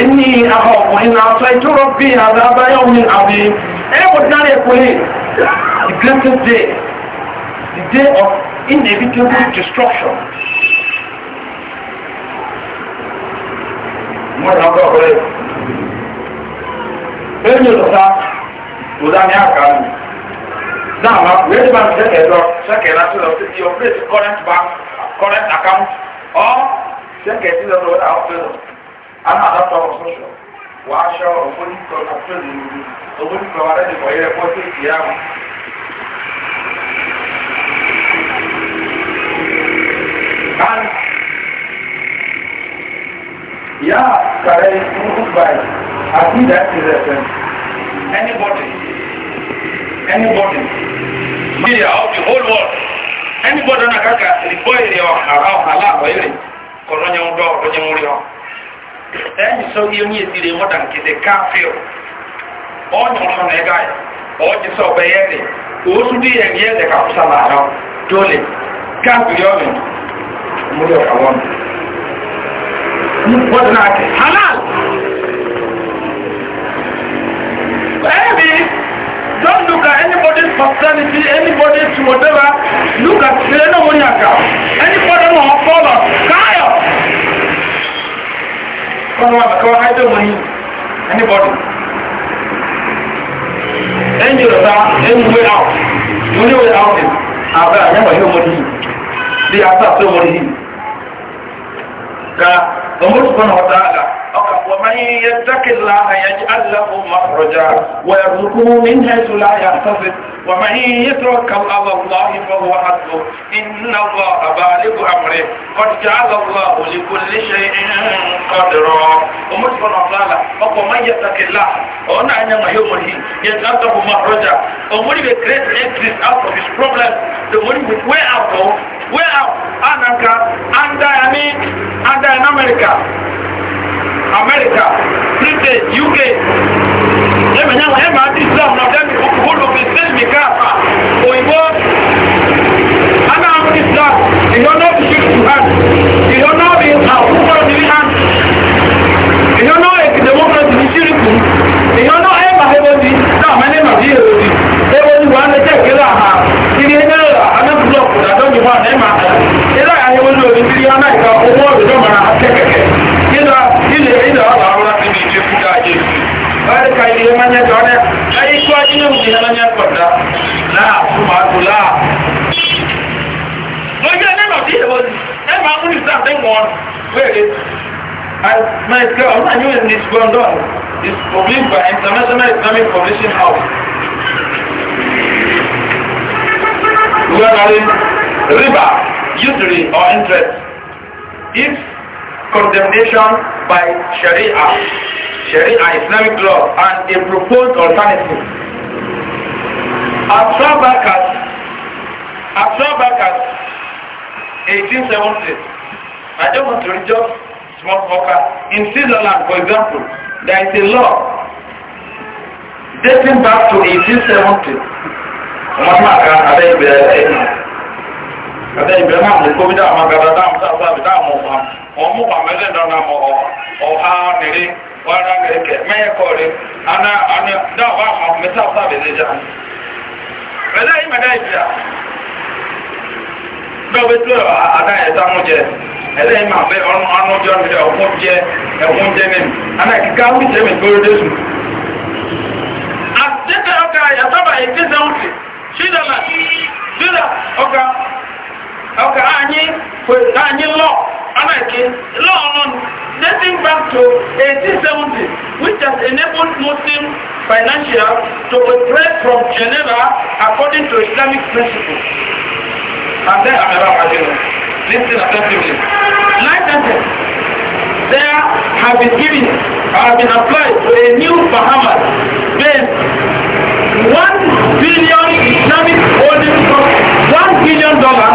A: inni ahọ́kùn iná àtọ́jú rọ́bí àdábáyọ̀ ní àbí ẹ̀wọ̀n dára ẹ̀kọ́ yìí the greatest day the day of inevitable destruction. mọ́nà ọgọ́ ọ̀rẹ́ ẹ̀yìn òṣìṣà òdà ní àkà mi náà máa wé ní báyìí sẹ́kẹ̀ lọ sẹ́kẹ̀ láti your place current bank current account or sẹ́kẹ̀ sí lọ́dọ̀ ọ̀dà ama adapta ọrọ sọsọ wà á ṣe ọrọ owó nípa ọtọ ìlú owó nípa wàrẹ nípa ọyẹ ẹkọ tó ti yá wọn. báyìí yá kàrẹ ìfúnfún báyìí àti ìdá ti rẹ fẹ. anybody anybody media of the whole world anybody na kaka rìpọ́ èrè ọ̀hàrà ọ̀hàlà ọ̀hẹ́rẹ́ kọ̀ọ̀dọ́nyẹ̀wò dọ́ ọ̀dọ́nyẹ̀wò rí ọ ẹni sọ yẹ mu yẹsi de mu dan kete kafir ọnyọrọ na ẹga yẹ ọnyẹ sọ ọbẹ yẹ de osu bi yẹ yẹ de kakusa na ayọ dole kafir yọ mi mu yọ ka wọn wọn tẹ̀lé àti halal ẹbi don look at anybody's personality anybody's whatever look at ṣe ẹni wọn yà ká anybody wọn fọlọ káyọ kọ́nà wà kọ́nà wà ẹ̀dọ̀ mọ́ni ẹni bọ́dù ẹnjì rẹ̀ sá ẹnu wé áwù mo ní wé áwù ní abẹ́ àyẹ̀wò yóò mọ́ni yìí bí a sá tó mọ́ni yìí ká ọmọ kọ́nà wà tá ومن يتق الله يجعل له مخرجا ويرزقه من حيث لا يحتسب ومن يتوكل على الله فهو حسبه إن الله بالغ أمره قد جعل الله لكل شيء قدرا ومسلم أفضل ومن يتق الله وانا أنا يوم الدين يجعل له مخرجا ومن يكريت exit اوت اوف هيس بروبلم ومن money with way out of way out أنا كا أنت يعني amẹ́ríkà britain uk ẹ̀mẹ̀yàn ẹ̀mà àti islam náà dẹ́mi kúkúrú fi sẹ́mi káàpà òyìnbó aná àti islam ìyọ́nà ti ṣe tù hàn ìyọ́nà bí àwùjọ ti rí hàn ìyọ́nà èkì democracy ní ṣírìkù ìyọ́nà ẹ̀mà ẹ̀wọ́n ti islam ẹ̀mà bí èrò ni ẹ̀wọ́n ti wà á lẹ́jẹ̀ ìgbéra àhà. ẹ̀kẹ́ ọ̀nà yóò ní ti london is published by international islamic publishing house. Wherein riba, usury or interest if condemnation by sharia, sharia islamic law and a proposed alternative. as as as far far back back as 1870. I don't want to just small smoker. In Switzerland, for example, there is a law dating back to 1870.
B: Ọmọdémàkà abẹ́ ìbẹ̀rẹ̀ ẹ̀yìn.
A: Abẹ́ ìbẹ̀rẹ̀ náà lè kó bí dáhùn àgàdà dáhùn sáfà bí dáhùn ọ̀hún. Ọmọ pàmẹ́lẹ̀ dáná mọ̀ ọ̀há nìrí wọ́n rán kẹ̀kẹ́ mẹ́yẹ̀kọ́ rí. Àná àná dáhùn àwọn ọmọ mi sáfà bí lè jà. Bẹ̀rẹ̀ dɔwɛ tó ada yɛ sanu jɛ ɛlɛ yi ma bɛ ɔnu ɔnu jɔ mi dɛ ɔmu jɛ ɛmu jɛ mi ana kika awu jɛ mi gbolo de su. ati tɛ ɔka yasaba yi ti sɛn ti sida la sida ɔka ɔka anyi fo anyi lɔ ana ke lɔ ɔnu dating back to 1870 which has enabled Muslim financial to operate from Geneva according to Islamic principles and then I'm about to listen attentively. Like there have been given, have been applied to a new Bahamas based 1 billion Islamic holding company billion dollar,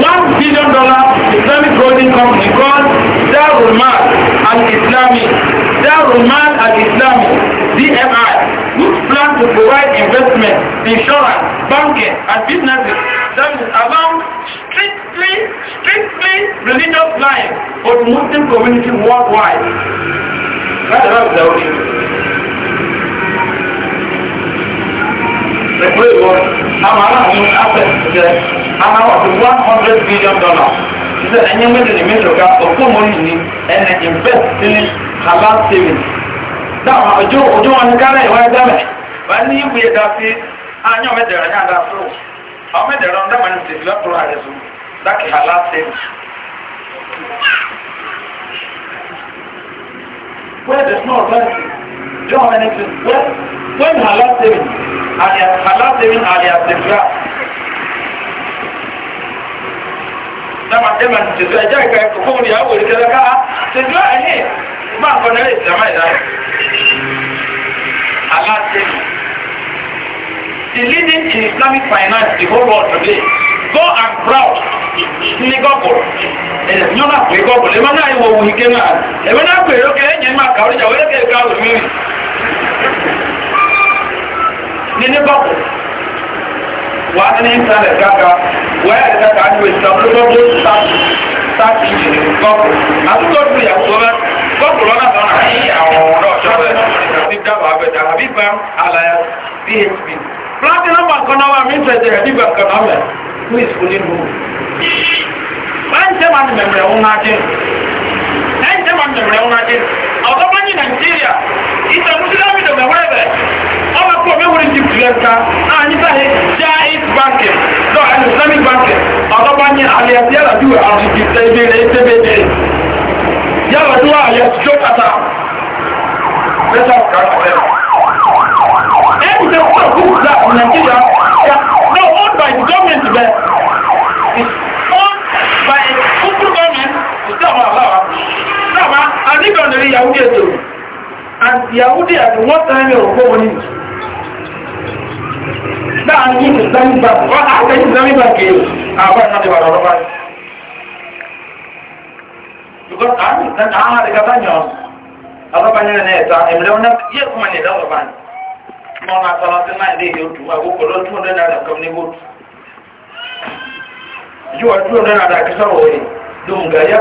A: one billion dollar Islamic holding company called Darul and Al Islami, Darul Mal Al Islami, DMI, which plan to provide investment, insurance, banking, and businesses services around strictly, strictly religious lines for the Muslim community worldwide.
B: That's about the the great one amara àwọn asset jẹ amara wà fún one hundred
A: billion dollar ṣe ẹ̀yẹ́ mẹ́rin ní mẹ́rin ọ̀gá ọ̀pọ̀ mọ́rin ní ẹ̀nà invest in halal savings Now, dáwọn ojú ojú wọn ní kárẹ̀ ìwọ́n ẹgbẹ́ mẹ́ wọ́n ní ìwé dá sí anyọ́ mẹ́dẹ̀rẹ̀ ní àdá fúlò àwọn mẹ́dẹ̀rẹ̀ ọ̀dá mẹ́rin ti fi lọ́tọ̀ rẹ̀ sùn That's halal savings. Where the small blessing John anything. When, when halal saving, halal saving are their safeguard. Nama tema ntizu ẹja ẹka ẹkọ fún mi àwọn olùkẹ́lẹ́ ká
B: tẹ̀síwá ẹ̀hìn máa
A: kọ́ náírà ìsìlámà ìdá rẹ̀. Halal saving. The leading in Islamic finance the whole world today go and proud ní gọ́gùn ẹ̀yẹ̀ ní ọ̀nà àpò ìgọ́gùn lè má náà ìwọ̀ òhìnkẹ́ náà ẹ̀mẹ́ náà pè é lókè ẹ̀yẹ̀ máa kàwé jà wọ́n ni ne ba ko wa ne ta da gaga wa ya da ka ni ta ko ba ko ta ta ti ni ba ko a ko ko ya ko ba ko ko na ba na ni a o no so ba ni da ba ba da habib ba ala ya php platinum ba ko na wa mi ta da habib ba ka na me who is fooling who ban se man me me o na je en se man me me o na je a ko ba ni nigeria bɛ wɛrɛ bɛ aw bɛ kɔ bɛ wuli ji filɛ ka a ni jaiz banki dɔw ani islamic banki a dɔ b'a ɲɛ aliyasi yala ju a ti ti tɛ bɛ e tɛ bɛ de yala ju a yɛ jo ka taa bɛ taa ka ta tɛ kɔ k'u bila nigeria ka no owned by the government bɛ owned by a local government is that wa ala wa n'a ma a ni yahudi àti wọ́n tán ní ọ̀pọ̀ wọn ní náà ní islamic bank wọ́n àtẹ́yìn islamic bank yìí àbá ìrìnàjò wà lọ́rọ́ báyìí because àmì ìsẹ́ni àwọn àdìgàtà yàn alọ́bàáyẹrẹ náà ẹ̀ta ẹ̀mìlẹ́ wọn yẹ kọ́mọ ní ìdáwọ̀ báyìí wọ́n máa tọ́lá sí náà ilé ìdí ojú àgbókò lọ tún ọdún náà kọ́ ní bóòtù yíwọ̀ tún ọdún náà dàkísọ̀rọ̀ wọ̀nyí lóhùn gàrí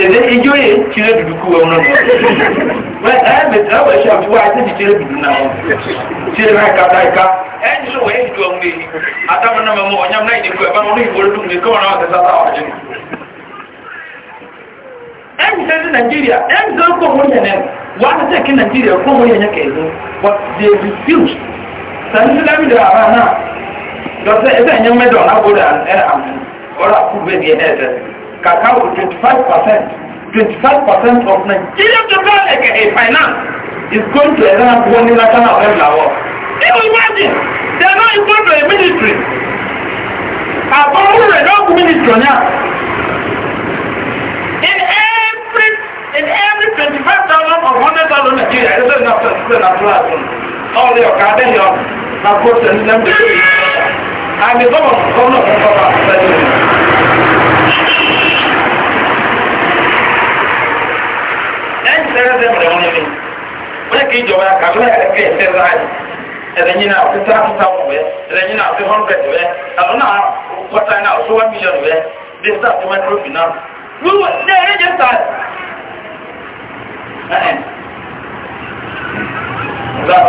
A: ẹ̀dẹ́ ijó yẹ kyerẹ́ dudu kú wọn náà wọ́n ẹ̀ mẹ̀tẹ̀ ẹ̀ wọ̀ ẹ̀ṣẹ̀ àti wọ́n àti ti kyerẹ́ dudu náà wọ́n kyerẹ́ náà ẹ̀ka náà ẹ̀ka ẹ̀ ń sọ wọ́n yẹ dudu ọ̀hún yìí àtàwọn náà mọ̀ ọ̀nyàm náà ìdìbò ẹ̀bá wọn ìbò lódùn ní kọ́wọn náà ọ̀sẹ̀ sáà ọ̀jẹ̀ ẹ̀ ń sẹ́ sí nàìjíríà ẹ̀ ń sẹ́ kó wọ́n yẹn wọ́n á sẹ́ kí nàìjíríà kó wọ́n yẹn kẹ̀lú but they refuse sani sí dábìlì àbá náà lọ́sẹ̀ ẹ̀sẹ̀ ẹ̀yẹ́ mẹ́dọ̀ náà bó dà cacao 25%, 25% of Nigerian people like a finance is going to end up one national level award. Can you imagine? They are not involved in the ministry. Àbọ̀wò rẹ̀ náà kú ministry náà. In every in every twenty five thousand or hundred thousand Nigeria, ẹ ṣe na first ṣe na two thousand. Ọ̀rọ̀ yóò ká abẹ́ yọ na kó ṣe ní ẹ̀mí tó yẹ. Àmì sọ́mọ̀ sọ́mọ̀ sọ́mọ̀ àti sẹ́yìn. ẹ̀yìn sẹ́rẹ́ sẹ́mu rẹ̀ wọ́n mi wọ́n kì í jọba kàfẹ́ ẹ̀kẹ́ ẹ̀sẹ̀ láàyè ẹ̀rẹ̀ nyina ọ̀fi tá fúta wọ̀ bẹ́ ẹ̀rẹ̀ nyina ọ̀fi họ́nbẹ̀t bẹ́ àtọ̀ náà kọ́tà náà ọ̀ṣọ́ one million, bẹ́ bí sá tó máa dúró fìnnà wíwọ̀ ní ẹ̀rẹ́ jẹ́ sá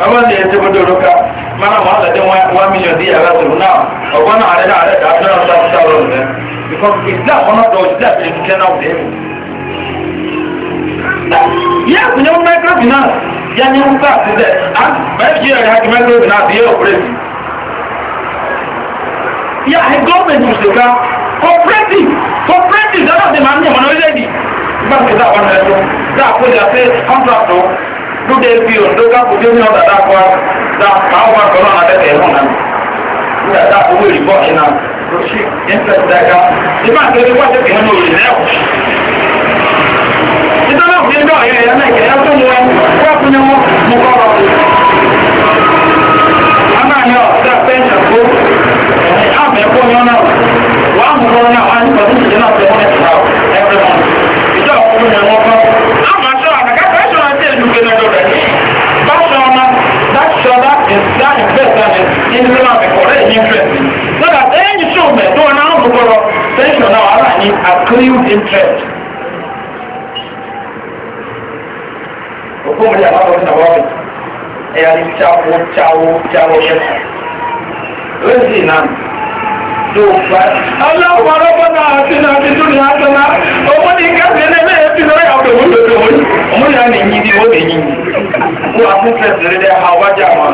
A: ọmọ ní ẹsẹ̀ bó dòdò ká mana wọn lè dé wọn mílíọ̀nù bí yàrá tó náà ọgbọ́n náà àrẹ náà àrẹ dáadọ́ náà sá fúta lọ́nù bẹ́ because ìsìlá fọ́nà dọ̀ ìsìlá fẹ́ẹ́
B: náà yẹ́
A: kò ní ó microfinance yẹ́ ní ó kọ́ àtúntẹ̀ àbẹ́jì ẹ̀rẹ́ hajj microfinance yẹ́ òpèrèsì yà ní gọ́ọ̀mẹ̀ntì ìṣèkà cooperative cooperative lọ́dọ̀ ti máa ń yẹ̀mọ̀ lórílẹ̀-èdè nígbà tí dáa wọn ẹ̀rọ dáa kó lè ṣe contract lọ lóde fi òǹdó káàkó tó ní ọ̀dà dáa kó dáa máa wà kọ́ náà àbẹ́tẹ̀ ẹ̀rọ náà nígbà dáa owó ìrìbọ̀ iná interest dáa ká nígbà tí ó ti wá sí ìhẹ́nu òrìṣẹ́ ìdáná òfin dọ̀ ẹ̀yẹ ẹ̀yẹ ẹ̀yẹ fún wọn wọ́n fún wọn mú kọ́rọ̀. Àmà ni ọ̀sẹ̀ pẹ́ńtà kó àmì ẹ̀kọ́ yọ náà wà á mú lọ ní àwọn àyíkọ̀ ní ìdílé náà fẹ́ wọ́n ẹ̀sìn náà ẹ̀fẹ́ wọn. Ìjọ ọ̀kọ́ ni wọ́n kọ́. Àmà sọ àkàkà ẹ̀sọ́ àti ẹ̀dùnkẹ́ náà dọ̀rẹ̀ ní. Bá sọ ọmọ that sure that is that is best than in the land for it interest. So that any show me, no one now to go, tension now, I interest. gómìnà àbábọ̀ ní àwọn ọ̀rẹ́ ẹ̀yà ní cháwó cháwó cháwó ṣẹ́kù lóòsì náà tó bá ọlọ́pàá ọlọ́pàá náà àti náà ti tún ní àtọ́nà ọmọ ní káfíń ní ẹgbẹ́ ẹbí lọ́yà ọ̀pẹ̀ wọ́n lọ́pẹ̀ wọ́n ọmọ yà ní yìí ni wọ́n lè yìí kó àtúntẹ̀ sílẹ̀ dẹ́ àwájà wọn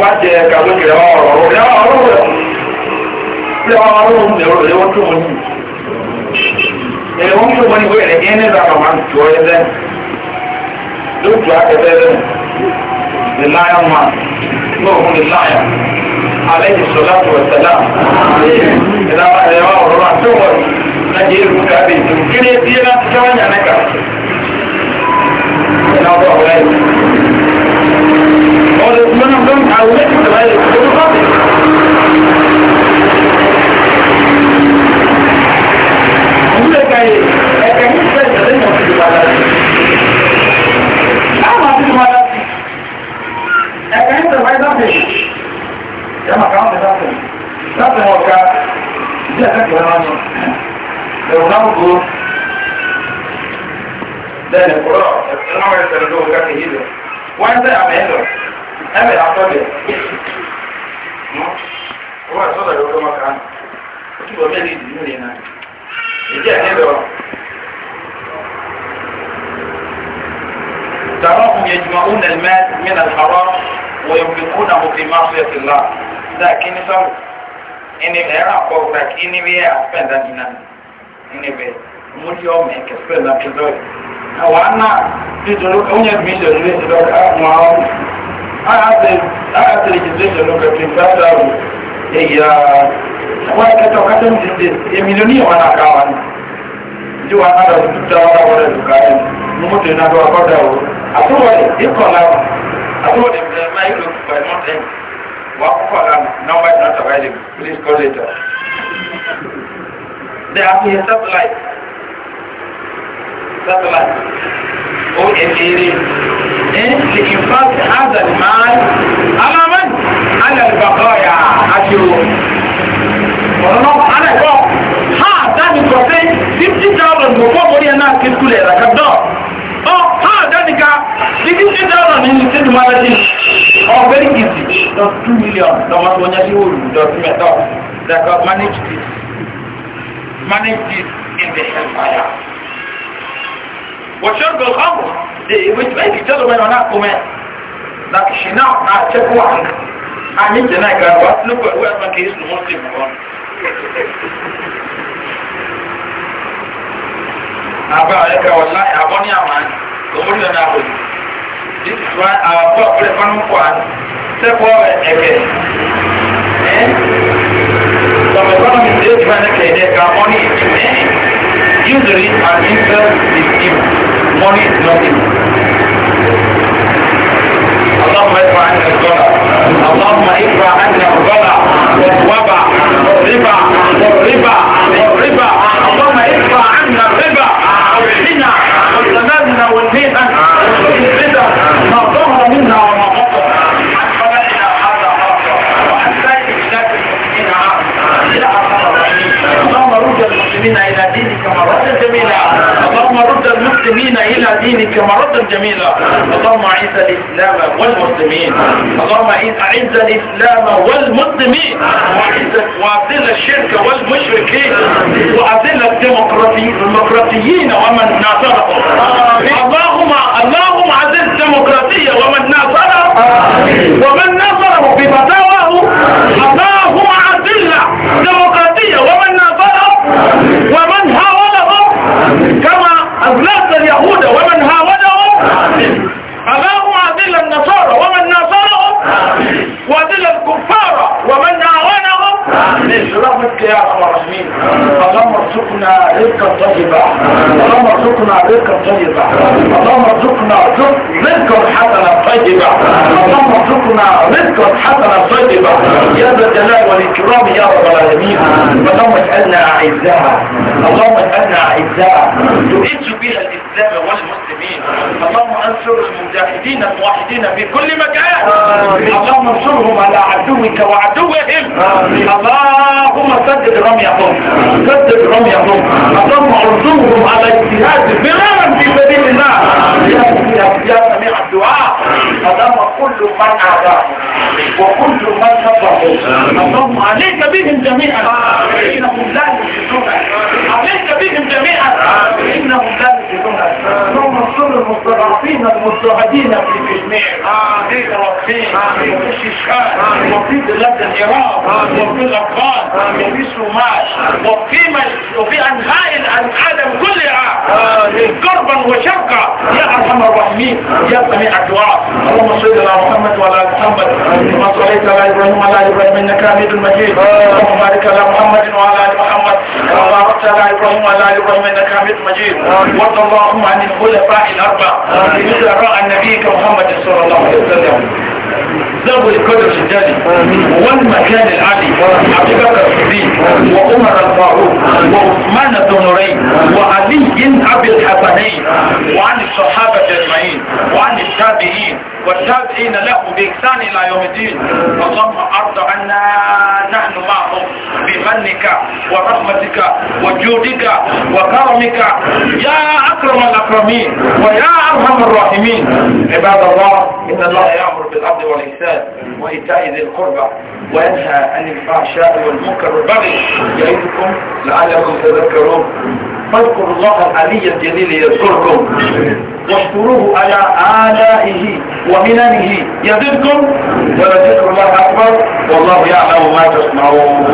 A: wájẹ kàwé kìlẹ̀ wọn ọ̀rọ̀ ọ̀rọ̀ ọ̀rọ̀ rẹ̀ pé wọn ọ̀rọ̀ ọ̀rọ̀ rẹ̀ ọ̀rọ̀ ẹ̀wọ̀n tó wọn yìí ẹ̀wọ̀n tó wọn yìí wọ́n yẹ̀rẹ̀ لوك يا ابن لله ما نوح لله عليه الصلاة والسلام إذا رأى الإمام الرابع سور نجيل مكابي يمكن يتينا تكوان يعنيك
B: إلا هو أولئك قولت منهم دمت على وجهك لغاية الصلاة
A: kama kama da zata yi zata yi waka jiya ta kira wani
B: da wuna hudu
A: da ne kuro da tsanawar da tsardo ga ta hizo wani zai a mai hizo ebe a tobe kuma so da yau maka hannu يجمعون المال من الحرام ويملكونه في معصية الله لكن سو إني بيرا قولك إني بيرا أسفل لنا إني بيرا مولي يوم إنك أسفل لنا كذلك وأنا تدرك أني أدميش أدريس لك أمعهم أعطي لجزيش لك في فتاة إيا وأنا كتوكتن جزيز يمينوني وأنا كاوان جو أنا لو تتوارا ولا تكاين نموت ينادوا أقدر أقول إيه قولا أقول by not end. Wakufalam, number is not available. Please call later. They have here satellite. Satellite. OLED. لإنفاق هذا المال على من؟ على البقايا أجرون. والله أنا أقول ها داني كوتي 50,000 مقوم ولي أنا كيف كل هذا كبدار. أو ها داني كا Títí tí dáwọn ní ní títí máa ti ọgbẹ́ ìgbìsì lọ two million lọ́mọ tó wọ́n yá sí òòlù lọ sí mẹ́tọ́. Dàkọ̀ manage this. Manage this in the hellfire. Wọ́n ṣọ́gbọ̀n ọ̀gbọ̀n dé ìwé tí wọ́n ti tẹ́lọ̀ mẹ́rin ọ̀nà àkómẹ́. Dàkọ̀ ṣì náà náà ṣẹ́kọ̀ wà. Àmì ìjẹ́ náà ìgbà wá sínú
B: pẹ̀lú ẹ̀sán kìí sùn mọ́ sí ìmọ̀ Àbá ẹ̀ka ọ̀la àbọ̀ ní àmà ni òmùrí ọ̀nà
A: àbòjì this is why our poor play fanu kọ́ à sẹ́kọ̀ ẹ̀kẹ́ ẹ̀ some economists dey define ẹ̀kẹ́ ẹ̀dẹ́ ka money is in
B: ẹ̀
A: usury and interest is due money is not due.
B: اللهم ادفع عنا الغلا اللهم ادفع عنا الغلا والوبا والربا والربا والربا اللهم ادفع عنا الربا مرة جميلة اللهم
A: أعز الإسلام والمسلمين اللهم أعز الإسلام والمسلمين وأذل الشرك والمشركين وأذل الديمقراطيين ومن ناصرهم اللهم اللهم أذل الديمقراطية ومن ناصره ومن ناصره بفتاواه اللهم أذل الديمقراطية ومن ناصره ومن هاوله كما رزقا طيبا اللهم ارزقنا رزقا طيبا اللهم ارزقنا رزقا حسنا طيبا اللهم ارزقنا رزقا حسنا طيبا يا ذا الجلال والاكرام يا رب العالمين اللهم اجعلنا اعزاء اللهم اجعلنا اعزاء
B: تعز بها الاسلام والمسلمين اللهم
A: انصر المجاهدين الموحدين في كل مكان اللهم انصرهم على عدوك وعدوهم اللهم سدد رميهم سدد رميهم اللهم انصرهم على اجتهاد فرارا في سبيل الله يا سميع الدعاء اللهم كل من اعداه وكل من
B: كفره اللهم
A: عليك بهم جميعا انهم لا يجدونك عليك بهم جميعا انهم لا يجدونك اللهم المستضعفين المستعدين في جميع في فلسطين وفي الشيشان وفي بلاد العراق وفي الافغان وفي الصومال وفي وفي انحاء العالم كلها قربا وشرقا يا ارحم الراحمين يا سميع الدعاء اللهم صل على محمد وعلى ال محمد كما صليت على ابراهيم وعلى ال ابراهيم انك حميد مجيد اللهم بارك على محمد وعلى ال محمد كما باركت على إبراهيم وعلى إنك حميد مجيد وارض اللهم عن الخلفاء الأربع الذين اراء نبيك محمد صلى الله عليه وسلم ذو القدر الشدادي والمكان العالي عبد بكر الصديق وعمر الفاروق وعثمان الدنورين وعلي أبي الحسنين وعن الصحابة أجمعين وعن التابعين والتابعين له بإحسان إلى يوم الدين اللهم أرض عنا نحن معهم بمنك ورحمتك وجودك وكرمك يا أكرم الأكرمين ويا أرحم الراحمين عباد الله إن الله يأمر بالأرض والإحسان الصلاة وإيتاء ذي القربى وينهى عن الفحشاء والمنكر والبغي يعيدكم لعلكم تذكرون فاذكروا الله العلي الجليل يذكركم واشكروه على آلائه ومننه يزدكم ولذكر الله أكبر والله يعلم ما تصنعون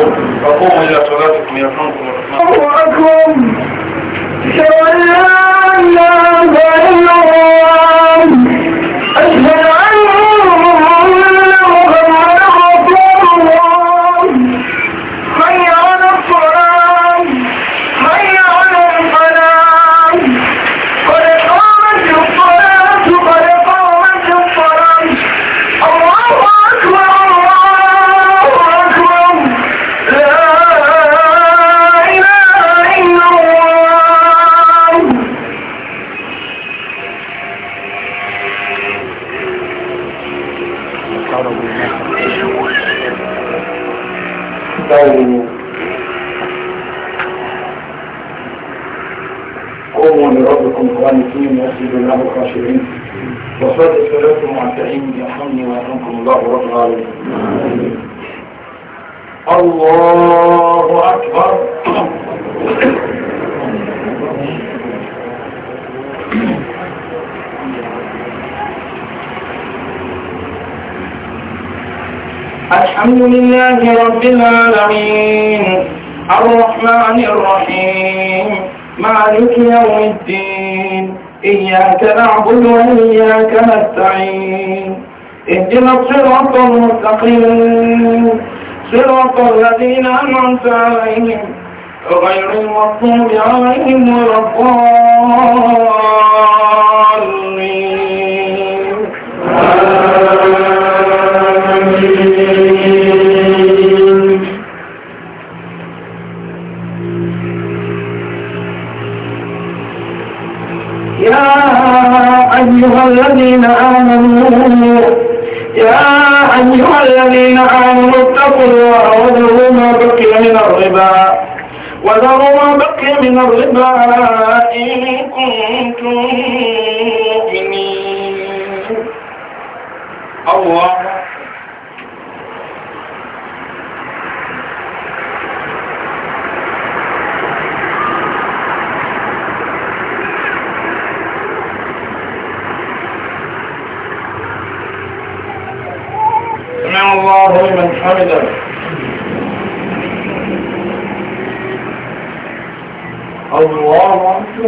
A: فقوموا إلى صلاتكم يرحمكم الرحمن الذين أنعمت عليهم غير المطلوب
B: عليهم ولا يا أيها الذين آمنوا يا أيها الذين آمنوا
A: اتقوا الله وذروا ما بقي من الربا وذروا ما بقي من الربا
B: إن كنتم مؤمنين
A: الله find them.
B: Are all wrong to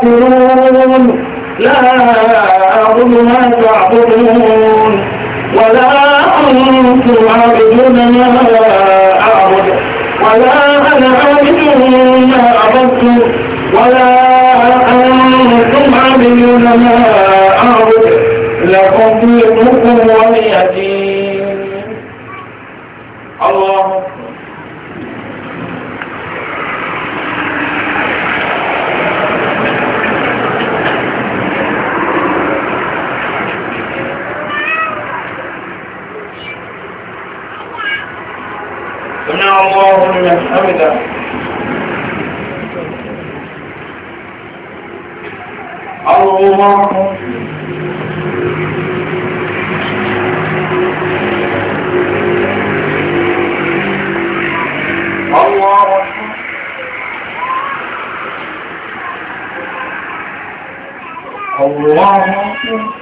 B: غافلون لا أعبد ما تعبدون ولا أنتم عابدون ما أعبد ولا أنا عبد ما عبدتم ولا أنتم عابدون ما أعبد لكم دينكم الله الله الله